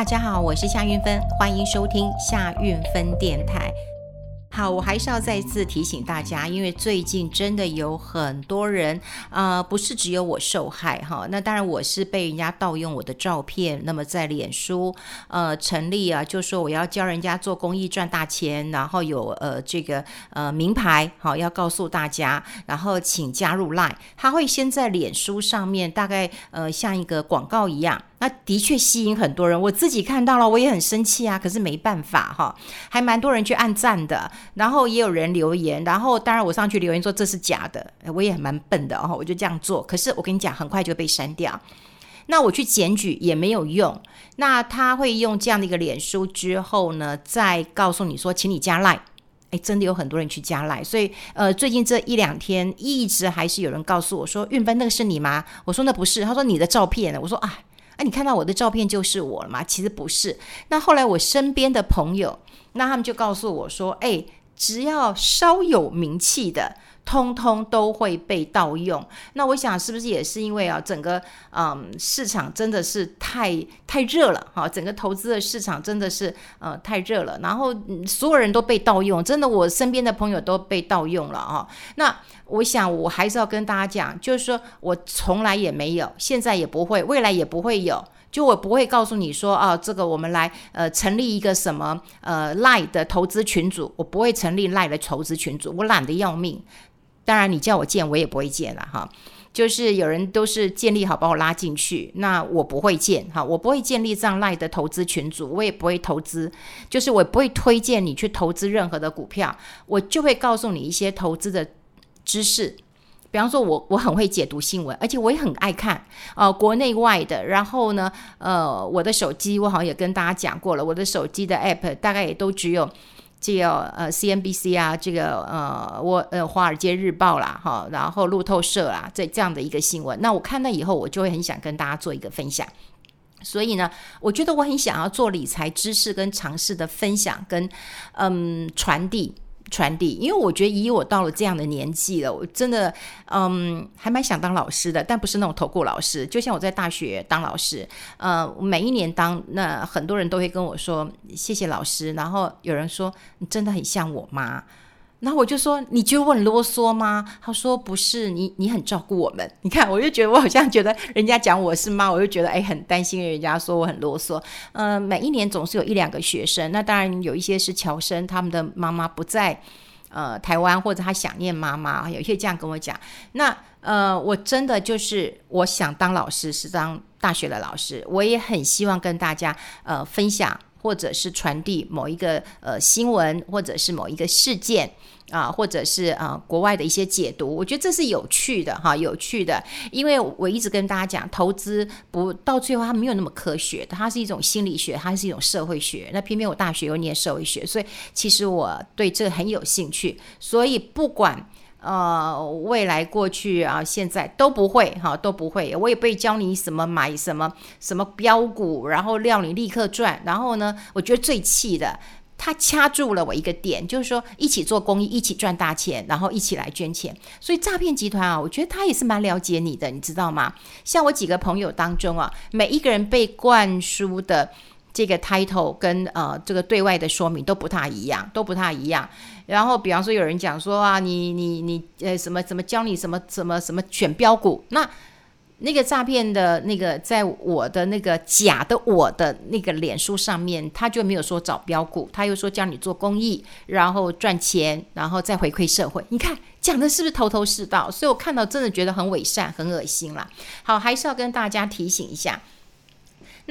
大家好，我是夏韻芬，歡迎收聽夏韻芬電台。好，我還是要再次提醒大家，因為最近真的有很多人，呃，不是只有我受害哈、哦。那當然，我是被人家盜用我的照片。那麼在臉書，呃，成立啊，就說我要教人家做公益賺大錢，然後有呃這個呃名牌，好、哦、要告訴大家，然後請加入 line。他會先在臉書上面，大概呃像一個廣告一樣。那的確吸引很多人，我自己看到了，我也很生氣啊，可是沒辦法哈，還蠻多人去按讚的，然後也有人留言，然後當然我上去留言說這是假的，我也蠻笨的哦，我就這樣做，可是我跟你講，很快就被刪掉。那我去檢舉也沒有用，那他會用這樣的一個臉書之後呢，再告訴你說，請你加賴。哎，真的有很多人去加賴。所以呃，最近這一兩天一直還是有人告訴我說，韻芬，那個是你嗎？我說那不是，他說你的照片，我說啊。哎，你看到我的照片就是我了嗎？其實不是。那後來我身邊的朋友，那他們就告訴我說：“哎，只要稍有名氣的，”通通都會被盜用，那我想是不是也是因為啊，整個嗯市場真的是太太熱了哈，整個投資的市場真的是嗯太熱了，然後所有人都被盜用，真的我身邊的朋友都被盜用了啊。那我想我還是要跟大家講，就是說我從來也沒有，現在也不會，未來也不會有，就我不會告訴你說啊，這個我們來呃成立一個什麼呃 LINE 的投資群組，我不會成立 LINE 的投資群組，我懶得要命。當然，你叫我建，我也不會建了哈。就是有人都是建立好把我拉進去，那我不會建哈，我不會建立這樣賴的投資群組，我也不會投資，就是我也不會推薦你去投資任何的股票，我就會告訴你一些投資的知識。比方說我，我我很會解讀新聞，而且我也很愛看呃國內外的。然後呢，呃，我的手機我好像也跟大家講過了，我的手機的 app 大概也都只有。這個呃，CNBC 啊，這個呃，我呃，《華爾街日報》啦，哈，然後路透社啦，這這樣的一個新聞，那我看了以後，我就會很想跟大家做一個分享。所以呢，我覺得我很想要做理財知識跟常識的分享跟，跟嗯傳遞。傳遞，因為我覺得以我到了這樣的年紀了，我真的，嗯，還蠻想當老師的，但不是那種投顧老師，就像我在大學當老師，呃、嗯，每一年當，那很多人都會跟我說謝謝老師，然後有人說你真的很像我媽。然後我就說：“你覺得我很囉嗦嗎？”他說：“不是，你你很照顧我們。”你看，我就覺得我好像覺得人家講我是媽，我就覺得哎很擔心人家說我很囉嗦，嗯、呃，每一年總是有一兩個學生，那當然有一些是僑生，他們的媽媽不在呃台灣，或者他想念媽媽，有一些這樣跟我講。那呃，我真的就是我想當老師，是當大學的老師，我也很希望跟大家呃分享。或者是傳遞某一個呃新聞，或者是某一個事件啊，或者是啊國外的一些解讀，我覺得這是有趣的哈，有趣的。因為我，我一直跟大家講，投資不到最後它沒有那麼科學，它是一種心理學，它是一種社會學。那偏偏我大學又念社會學，所以其實我對這個很有興趣。所以不管。呃，未來、過去啊、現在都不會哈、啊，都不會。我也不會教你什麼買什麼什麼標股，然後讓你立刻賺。然後呢，我覺得最氣的，他掐住了我一個點，就是說一起做公益，一起賺大錢，然後一起來捐錢。所以詐騙集團啊，我覺得他也是蠻了解你的，你知道嗎？像我幾個朋友當中啊，每一個人被灌輸的。這個 title 跟呃，這個對外的說明都不太一樣，都不太一樣。然後，比方說有人講說啊，你你你呃什麼什麼教你什麼什麼什麼選標股，那那個詐騙的那個在我的那個假的我的那個臉書上面，他就沒有說找標股，他又說教你做公益，然後賺錢，然後再回饋社會。你看講的是不是頭頭是道？所以我看到真的覺得很偽善，很惡心啦。好，還是要跟大家提醒一下。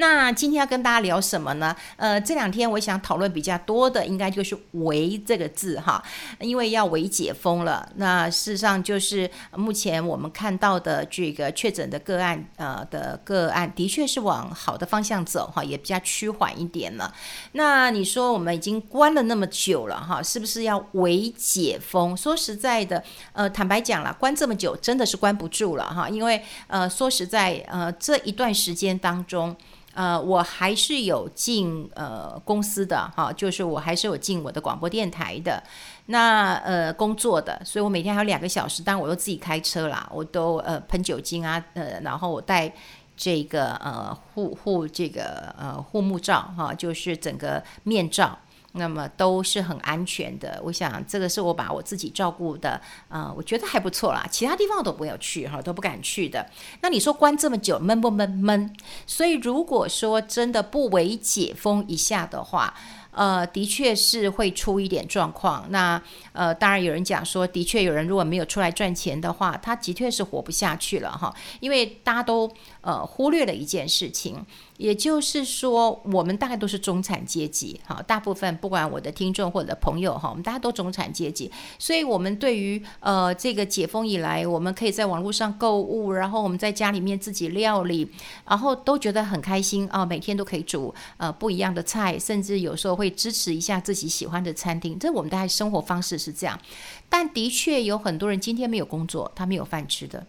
那今天要跟大家聊什麼呢？呃，這兩天我想討論比較多的，應該就是「微」這個字哈，因為要微解封了。那事實上就是目前我們看到的這個確診的個案，呃的個案的確是往好的方向走哈，也比較趨緩一點了。那你說我們已經關了那麼久了哈，是不是要微解封？說實在的，呃，坦白講了，關這麼久真的是關不住了哈，因為呃，說實在，呃，這一段時間當中。呃，我還是有進呃公司的哈、啊，就是我還是有進我的廣播電臺的，那呃工作的，所以我每天還有兩個小時，但我都自己開車啦，我都呃噴酒精啊，呃，然後我戴這個呃護護這個呃護目罩哈、啊，就是整個面罩。那麼都是很安全的，我想這個是我把我自己照顧的，啊、呃，我覺得還不錯啦。其他地方我都沒有去哈，都不敢去的。那你說關這麼久悶不悶？悶。所以如果說真的不為解封一下的話，呃，的確是會出一點狀況。那。呃，當然有人講說，的確有人如果沒有出來賺錢的話，他的確是活不下去了哈。因為大家都呃忽略了一件事情，也就是說，我們大概都是中產階級哈。大部分不管我的聽眾或者朋友哈，我們大家都中產階級，所以我們對於呃這個解封以來，我們可以在網絡上購物，然後我們在家裡面自己料理，然後都覺得很開心啊、呃，每天都可以煮呃不一樣的菜，甚至有時候會支持一下自己喜歡的餐廳。這我們大家生活方式是。這樣，但的確有很多人今天沒有工作，他沒有飯吃的。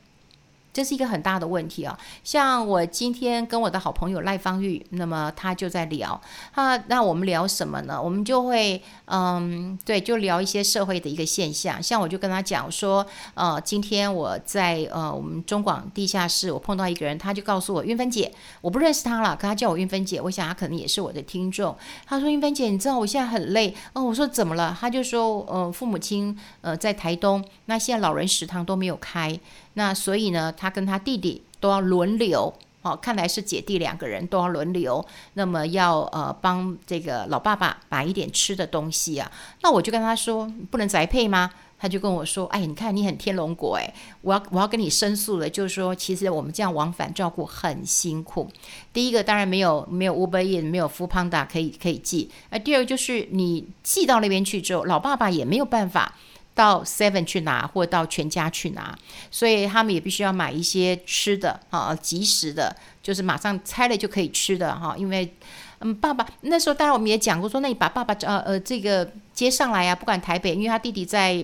這是一個很大的問題啊、哦！像我今天跟我的好朋友賴芳玉，那麼他就在聊啊。那我們聊什麼呢？我們就會，嗯，對，就聊一些社會的一個現象。像我就跟他講說，呃，今天我在呃我們中廣地下室，我碰到一個人，他就告訴我，韻芬姐，我不認識他了，可他叫我韻芬姐。我想他可能也是我的聽眾。他說，韻芬姐，你知道我現在很累哦，我說怎麼了？他就說，呃，父母親呃在台東，那現在老人食堂都沒有開。那所以呢，他跟他弟弟都要輪流哦，看來是姐弟兩個人都要輪流。那麼要呃幫這個老爸爸買一點吃的東西啊。那我就跟他說，不能宅配嗎？他就跟我說，哎，你看你很天龍國哎，我要我要跟你申訴了，就是說其實我們這樣往返照顧很辛苦。第一個當然沒有沒有 Uber Eats 沒有 Foodpanda 可以可以寄，那第二就是你寄到那邊去之後，老爸爸也沒有辦法。到 Seven 去拿，或到全家去拿，所以他們也必須要買一些吃的啊，即時的，就是馬上拆了就可以吃的哈、啊。因為，嗯，爸爸那時候，當然我們也講過說，說那你把爸爸呃呃這個接上來啊，不管台北，因為他弟弟在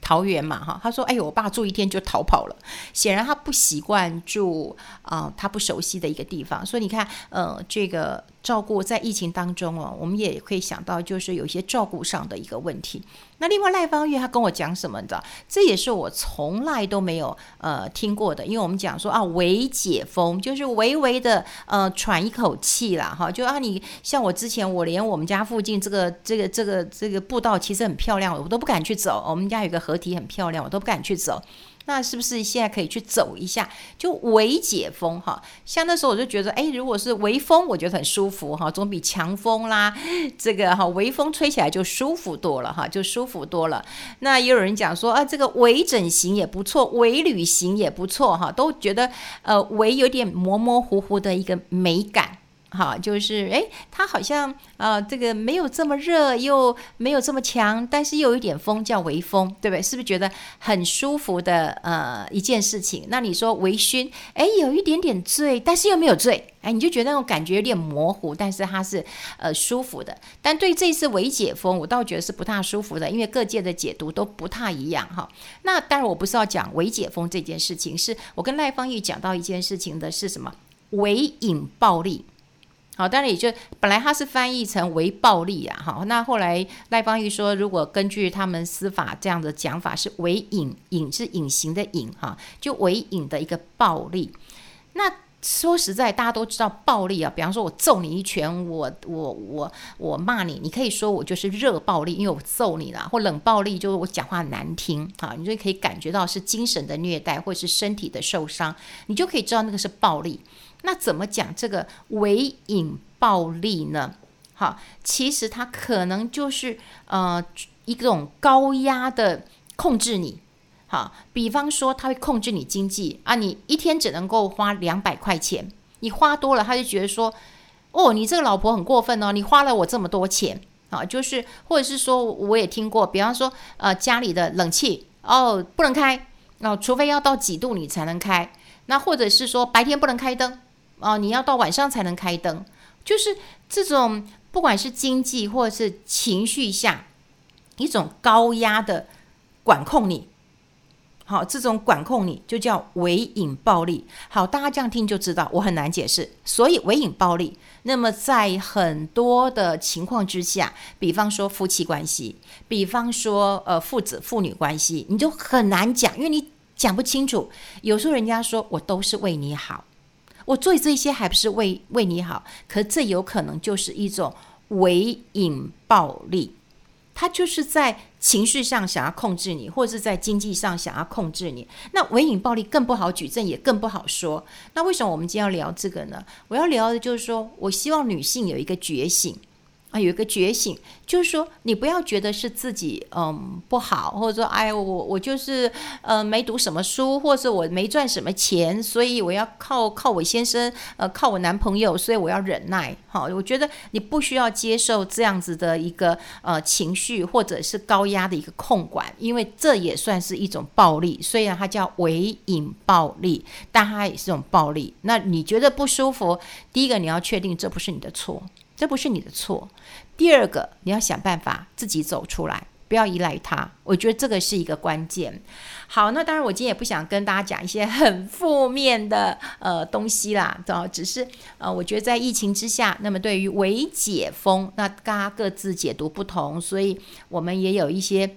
桃園嘛哈、啊。他說：“哎呦，我爸住一天就逃跑了，顯然他不習慣住啊、呃，他不熟悉的一個地方。”所以你看，呃，這個。照顧在疫情當中哦，我們也可以想到，就是有一些照顧上的一個問題。那另外賴芳玉她跟我講什麼的，這也是我從來都沒有呃聽過的。因為我們講說啊，微解封就是微微的呃喘一口氣啦，哈，就啊你像我之前，我連我們家附近這個這個這個這個步道其實很漂亮，我都不敢去走。我們家有個河堤很漂亮，我都不敢去走。那是不是現在可以去走一下？就微解封哈，像那時候我就覺得，哎，如果是微風，我覺得很舒服哈，總比強風啦，這個哈，微風吹起來就舒服多了哈，就舒服多了。那也有人講說啊，這個微整形也不錯，微旅行也不錯哈，都覺得呃，微有點模模糊糊的一個美感。好，就是哎，它好像啊、呃，這個沒有這麼熱，又沒有這麼強，但是又有一點風，叫微風，對不對？是不是覺得很舒服的呃一件事情？那你說微醺，哎，有一點點醉，但是又沒有醉，哎，你就覺得那種感覺有點模糊，但是它是呃舒服的。但對這次微解封，我倒覺得是不太舒服的，因為各界的解讀都不太一樣哈、哦。那當然，我不是要講微解封這件事情，是我跟賴芳玉講到一件事情的是什麼？微隱暴力。好，當然也就本來它是翻譯成“微暴力”啊，好，那後來賴芳玉說，如果根據他們司法這樣的講法是微，隱是隱“微隱，隱”是“隱形”的“隱”哈，就“微隱”的一個暴力。那說實在，大家都知道暴力啊，比方說我揍你一拳，我我我我罵你，你可以說我就是熱暴力，因為我揍你了；或冷暴力，就是我講話難聽，哈，你就可以感覺到是精神的虐待或是身體的受傷，你就可以知道那個是暴力。那怎麼講這個微隱暴力呢？哈，其實它可能就是呃一種高壓的控制你。哈，比方說他會控制你經濟啊，你一天只能夠花兩百塊錢，你花多了他就覺得說，哦，你這個老婆很過分哦，你花了我這麼多錢啊，就是或者是說我也聽過，比方說呃家裡的冷氣哦不能開，那、哦、除非要到幾度你才能開，那或者是說白天不能開燈。哦，你要到晚上才能開燈，就是這種不管是經濟或者是情緒下一種高壓的管控你，你、哦、好，這種管控你就叫微隱暴力。好，大家這樣聽就知道，我很難解釋，所以微隱暴力。那麼在很多的情況之下，比方說夫妻關係，比方說呃父子父女關係，你就很難講，因為你講不清楚。有時候人家說我都是為你好。我做這些還不是為為你好，可這有可能就是一種微隱暴力，他就是在情緒上想要控制你，或者是在經濟上想要控制你。那微隱暴力更不好舉證，也更不好說。那為什麼我們今天要聊這個呢？我要聊的就是說，我希望女性有一個覺醒。啊，有一個覺醒，就是說，你不要覺得是自己嗯不好，或者說，哎呀，我我就是呃沒讀什麼書，或者我沒賺什麼錢，所以我要靠靠我先生，呃，靠我男朋友，所以我要忍耐。好，我覺得你不需要接受這樣子的一個呃情緒或者是高壓的一個控管，因為這也算是一種暴力，雖然它叫微隱暴力，但它也是種暴力。那你覺得不舒服，第一個你要確定這不是你的錯。這不是你的錯。第二個，你要想辦法自己走出來，不要依賴他。我覺得這個是一個關鍵。好，那當然，我今天也不想跟大家講一些很負面的呃東西啦。只是呃，我覺得在疫情之下，那麼對於微解封，那大家各自解讀不同，所以我們也有一些。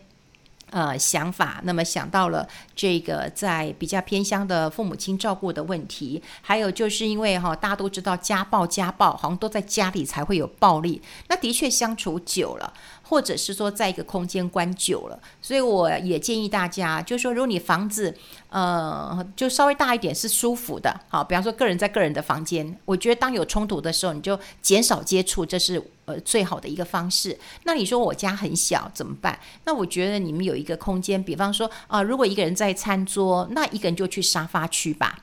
呃，想法那麼想到了這個，在比較偏鄉的父母親照顧的問題，還有就是因為哈、哦，大家都知道家暴，家暴好像都在家裡才會有暴力。那的確相處久了，或者是說在一個空間關久了，所以我也建議大家，就是說如果你房子呃就稍微大一點是舒服的，好、哦，比方說個人在個人的房間，我覺得當有衝突的時候，你就減少接觸，這是。呃，最好的一個方式。那你說我家很小怎麼辦？那我覺得你們有一個空間，比方說啊，如果一個人在餐桌，那一個人就去沙發區吧。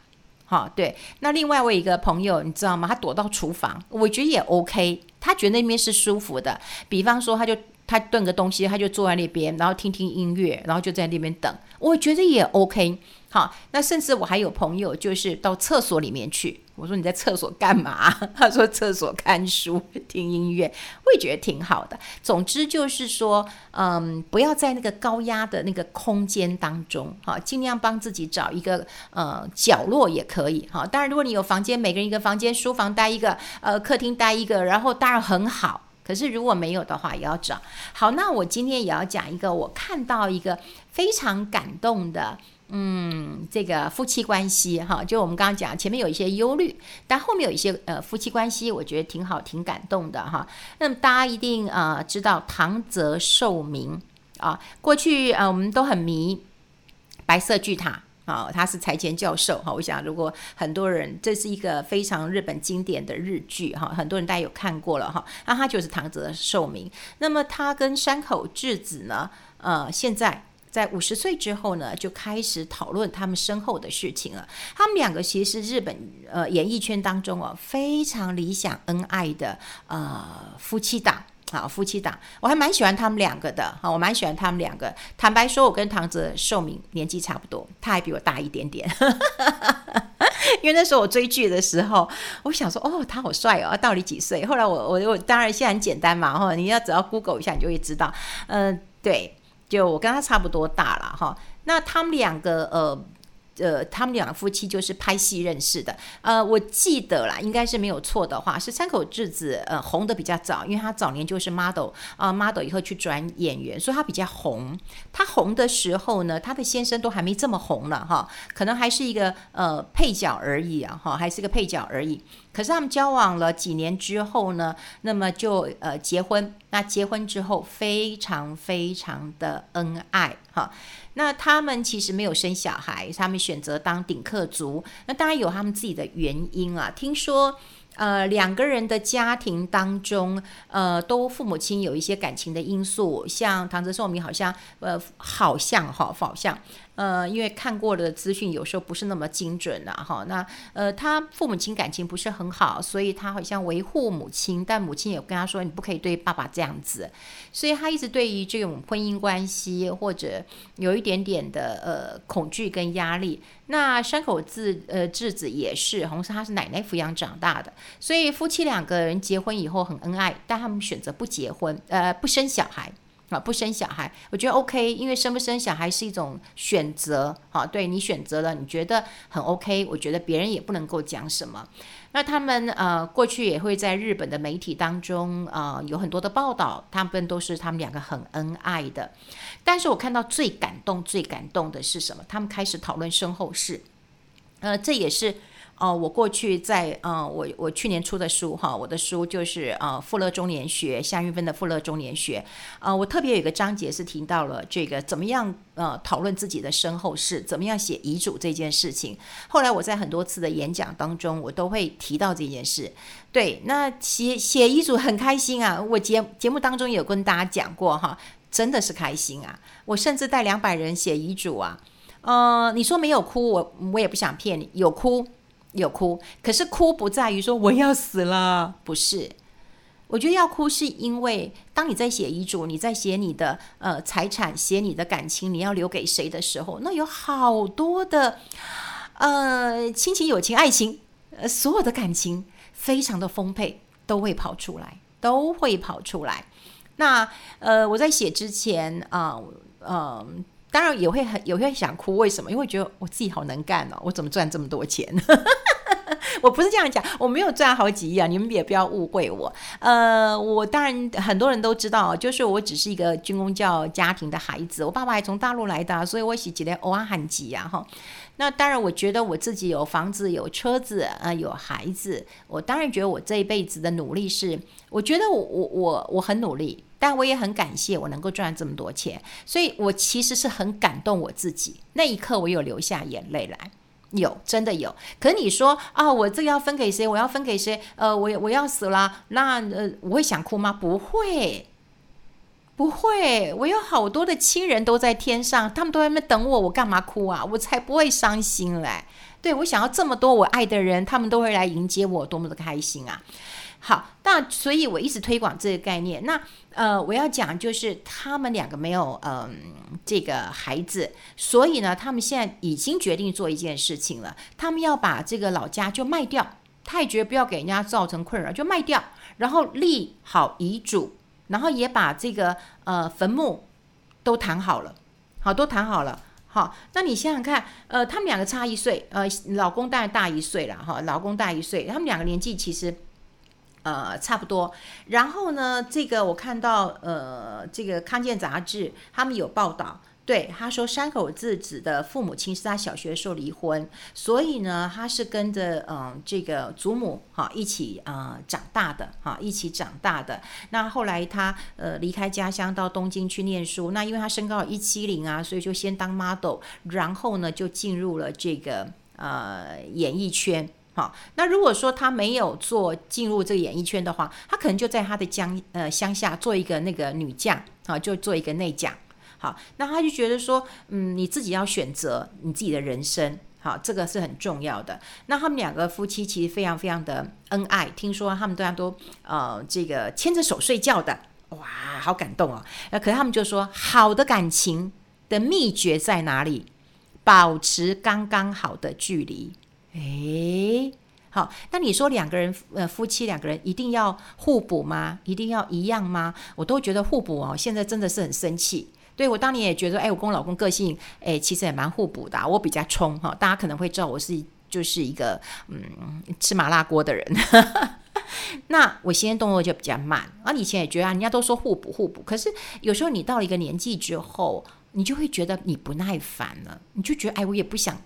好、哦，對。那另外我有一個朋友，你知道嗎？他躲到廚房，我覺得也 OK。他覺得那邊是舒服的。比方說，他就。他燉個東西，他就坐在那邊，然後聽聽音樂，然後就在那邊等。我覺得也 OK。好，那甚至我還有朋友，就是到廁所裡面去。我說你在廁所幹嘛？他說廁所看書、聽音樂，我也覺得挺好的。總之就是說，嗯，不要在那個高壓的那個空間當中，好，儘量幫自己找一個呃角落也可以。好，當然如果你有房間，每個人一個房間，書房待一個，呃，客廳待一個，然後當然很好。可是如果沒有的話，也要找。好，那我今天也要講一個，我看到一個非常感動的，嗯，這個夫妻關係哈，就我們剛剛講前面有一些憂慮，但後面有一些呃夫妻關係，我覺得挺好，挺感動的哈。那麼大家一定啊、呃、知道唐澤壽明啊，過去啊、呃、我們都很迷白色巨塔。啊，他是財前教授。哈，我想如果很多人，這是一個非常日本經典的日劇哈，很多人大家有看過了哈。那他就是唐澤壽明。那麼他跟山口智子呢，呃，現在在五十歲之後呢，就開始討論他們身後的事情了。他們兩個其實是日本呃演藝圈當中哦非常理想恩愛的呃夫妻檔。好夫妻檔，我還蠻喜歡他們兩個的哈、哦，我蠻喜歡他們兩個。坦白說，我跟唐澤壽明年紀差不多，他還比我大一點點。 因為那時候我追劇的時候，我想說哦，他好帥哦，到底幾歲？後來我我，我當然現在很簡單嘛哈、哦，你要只要 Google 一下，你就會知道。嗯、呃，對，就我跟他差不多大了哈、哦。那他們兩個呃。呃，他們兩個夫妻就是拍戲認識的。呃，我記得啦，應該是沒有錯的話，是山口智子。呃，紅得比較早，因為他早年就是 model 啊，呃，model 以後去轉演員，所以他比較紅。他紅的時候呢，他的先生都還沒這麼紅了哈，可能還是一個呃配角而已啊，哈，還是一個配角而已。可是他們交往了幾年之後呢，那麼就呃結婚。那結婚之後非常非常的恩愛哈。那他們其實沒有生小孩，他們選擇當頂客族。那當然有他們自己的原因啊。聽說呃兩個人的家庭當中呃都父母親有一些感情的因素，像唐澤壽明好像呃好像哈好像。哦好像哦好像呃，因為看過的資訊有時候不是那麼精準的哈。那呃，他父母親感情不是很好，所以他好像維護母親，但母親也跟他說，你不可以對爸爸這樣子。所以他一直對於這種婚姻關係或者有一點點的呃恐懼跟壓力。那山口智呃智子也是，同時他是奶奶撫養長大的，所以夫妻兩個人結婚以後很恩愛，但他們選擇不結婚，呃不生小孩。啊，不生小孩，我覺得 OK，因為生不生小孩是一種選擇，哈，對你選擇了，你覺得很 OK，我覺得別人也不能夠講什麼。那他們呃，過去也會在日本的媒體當中啊，呃，有很多的報道，他們都是他們兩個很恩愛的。但是我看到最感動、最感動的是什麼？他們開始討論身後事，呃，這也是。哦、呃，我過去在嗯、呃，我我去年出的書哈，我的書就是呃《富樂中年學》，夏韻芬的《富樂中年學》。呃，我特別有一個章節是提到了這個怎麼樣呃討論自己的身後事，怎麼樣寫遺囑這件事情。後來我在很多次的演講當中，我都會提到這件事。對，那寫寫遺囑很開心啊，我節節目當中有跟大家講過哈，真的是開心啊，我甚至帶兩百人寫遺囑啊。呃，你說沒有哭，我我也不想騙你，有哭。有哭，可是哭不在於說我要死了，不是。我覺得要哭是因為，當你在寫遺囑，你在寫你的呃財產，寫你的感情，你要留給誰的時候，那有好多的呃親情、友情、愛情，呃所有的感情非常的豐沛，都會跑出來，都會跑出來。那呃我在寫之前啊，嗯、呃。呃當然也會很，也會想哭。為什麼？因為我覺得我自己好能幹哦，我怎麼賺這麼多錢？ 我不是這樣講，我沒有賺好幾億啊，你們也不要誤會我。呃，我當然很多人都知道，就是我只是一個軍公教家庭的孩子，我爸爸還從大陸來的，啊，所以我也覺得偶爾很急啊哈。那當然，我覺得我自己有房子、有車子，啊，有孩子，我當然覺得我這一輩子的努力是，我覺得我我我我很努力。但我也很感謝我能夠賺這麼多錢，所以我其實是很感動我自己。那一刻我有流下眼淚來，有，真的有。可你說啊，哦，我這個要分給誰？我要分給誰？呃，我我要死了，那呃，我會想哭嗎？不會，不會。我有好多的親人都在天上，他們都在那等我，我幹嘛哭啊？我才不會傷心嘞。對，我想要這麼多我愛的人，他們都會來迎接我，多麼的開心啊！好，那所以我一直推廣這個概念。那呃，我要講就是他們兩個沒有嗯、呃、這個孩子，所以呢，他們現在已經決定做一件事情了。他們要把這個老家就賣掉，太絕，不要給人家造成困擾，就賣掉，然後立好遺囑，然後也把這個呃墳墓都談好了，好，都談好了，好。那你想想看，呃，他們兩個差一歲，呃，老公當然大一歲了，哈，老公大一歲，他們兩個年紀其實。呃，差不多。然後呢，這個我看到，呃，這個《康健》雜誌他們有報道，對，他說，山口智子的父母親是他小學的時候離婚，所以呢，他是跟着嗯、呃、這個祖母哈、啊、一起啊、呃、長大的哈、啊、一起長大的。那後來他呃離開家鄉到東京去念書，那因為他身高一七零啊，所以就先當 model，然後呢就進入了這個呃演藝圈。那如果說他沒有做進入這個演藝圈的話，他可能就在他的鄉呃鄉下做一個那個女將啊，就做一個內將。好、啊，那他就覺得說，嗯，你自己要選擇你自己的人生，好、啊，這個是很重要的。那他們兩個夫妻其實非常非常的恩愛，聽說他們大家都呃這個牽着手睡覺的，哇，好感動、哦、啊。那可是他們就說，好的感情的秘訣在哪裡？保持剛剛好的距離。哎，好，那你說兩個人，呃，夫妻兩個人一定要互補嗎？一定要一樣嗎？我都覺得互補哦。現在真的是很生氣。對，我當年也覺得，哎，我跟我老公個性，哎，其實也蠻互補的。我比較衝哈，大家可能會知道我是就是一個嗯吃麻辣鍋的人。 那我現在動作就比較慢。啊，以前也覺得，啊，人家都說互補互補，可是有時候你到了一個年紀之後，你就會覺得你不耐煩了。啊，你就覺得，哎，我也不想。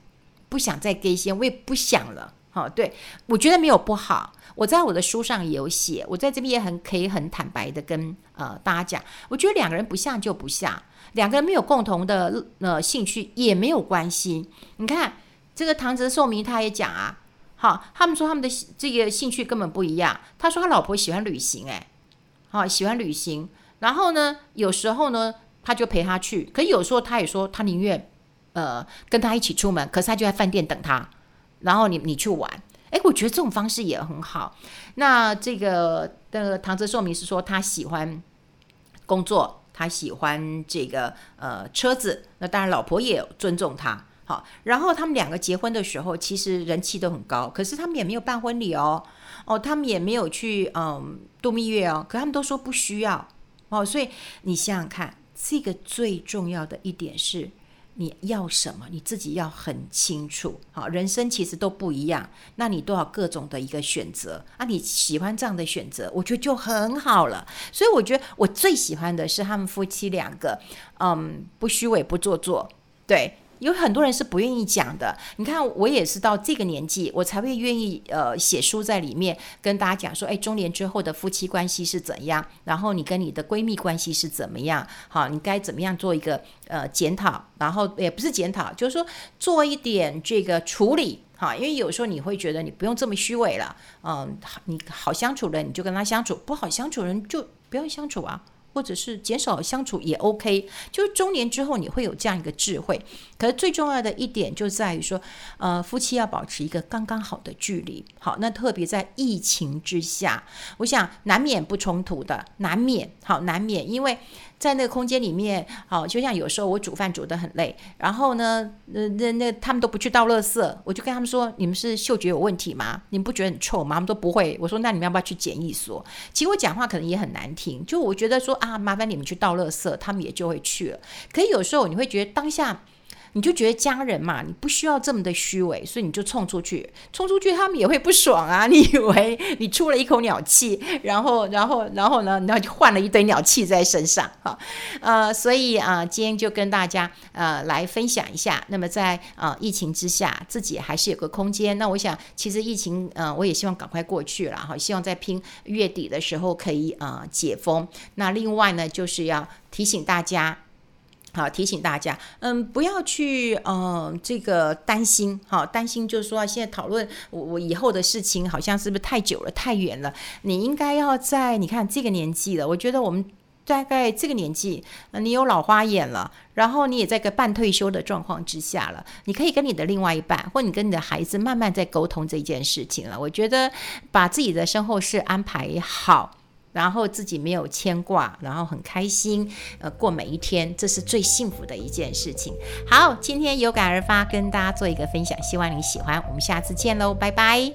不想再跟些我也不想了。好、哦，對我覺得沒有不好。我在我的書上也有寫，我在這邊也很可以很坦白的跟呃大家講，我覺得兩個人不像就不像，兩個人沒有共同的呃興趣也沒有關係。你看這個唐澤壽明他也講啊，好、哦，他們說他們的這個興趣根本不一樣。他說他老婆喜歡旅行，哎、哦，好喜歡旅行，然後呢，有時候呢他就陪她去，可有時候他也說他寧願。呃，跟他一起出門，可是他就在飯店等他，然後你你去玩。誒，我覺得這種方式也很好。那這個的、這個、唐澤壽明是說他喜歡工作，他喜歡這個呃車子。那當然，老婆也尊重他。好，然後他們兩個結婚的時候，其實人氣都很高，可是他們也沒有辦婚禮哦，哦，他們也沒有去嗯度蜜月哦。可他們都說不需要哦。所以你想想看，這個最重要的一點是。你要什麼？你自己要很清楚。好，人生其實都不一樣，那你都要各種的一個選擇啊？你喜歡這樣的選擇，我覺得就很好了。所以我覺得我最喜歡的是他們夫妻兩個，嗯，不虛偽，不做作，對。有很多人是不願意講的。你看，我也是到這個年紀，我才會願意呃寫書在裡面跟大家講說，哎，中年之後的夫妻關係是怎樣，然後你跟你的閨蜜關係是怎麼樣？好，你該怎麼樣做一個呃檢討？然後也不是檢討，就是說做一點這個處理。好，因為有時候你會覺得你不用這麼虛偽了。嗯，你好相處的你就跟他相處，不好相處的人就不要相處啊。或者是減少相處也 OK，就是中年之後你會有這樣一個智慧。可是最重要的一點就在於說，呃，夫妻要保持一個剛剛好的距離。好，那特別在疫情之下，我想難免不衝突的，難免，好，難免，因為。在那個空間裡面，好，就像有時候我煮飯煮得很累，然後呢，那那那他們都不去倒垃圾，我就跟他們說，你們是嗅覺有問題嗎？你們不覺得很臭嗎？他們都不會，我說那你們要不要去檢疫所？其實我講話可能也很難聽，就我覺得說啊，麻煩你們去倒垃圾，他們也就會去了。可以有時候你會覺得當下。你就覺得家人嘛，你不需要這麼的虛偽，所以你就衝出去，衝出去他們也會不爽啊！你以為你出了一口鳥氣，然後，然後，然後呢，然後就換了一堆鳥氣在身上，哈，呃，所以啊、呃，今天就跟大家呃來分享一下，那麼在啊、呃、疫情之下，自己還是有個空間。那我想，其實疫情呃，我也希望趕快過去了，哈，希望在拼月底的時候可以啊、呃、解封。那另外呢，就是要提醒大家。好，提醒大家，嗯，不要去，嗯、呃，這個擔心，好，擔心就是說，現在討論我我以後的事情，好像是不是太久了，太遠了？你應該要在，你看這個年紀了，我覺得我們大概這個年紀，你有老花眼了，然後你也在個半退休的狀況之下了，你可以跟你的另外一半，或你跟你的孩子慢慢在溝通這件事情了。我覺得把自己的身後事安排好。然後自己沒有牽掛，然後很開心，呃，過每一天，這是最幸福的一件事情。好，今天有感而發，跟大家做一個分享，希望你喜歡。我們下次見嘍，拜拜。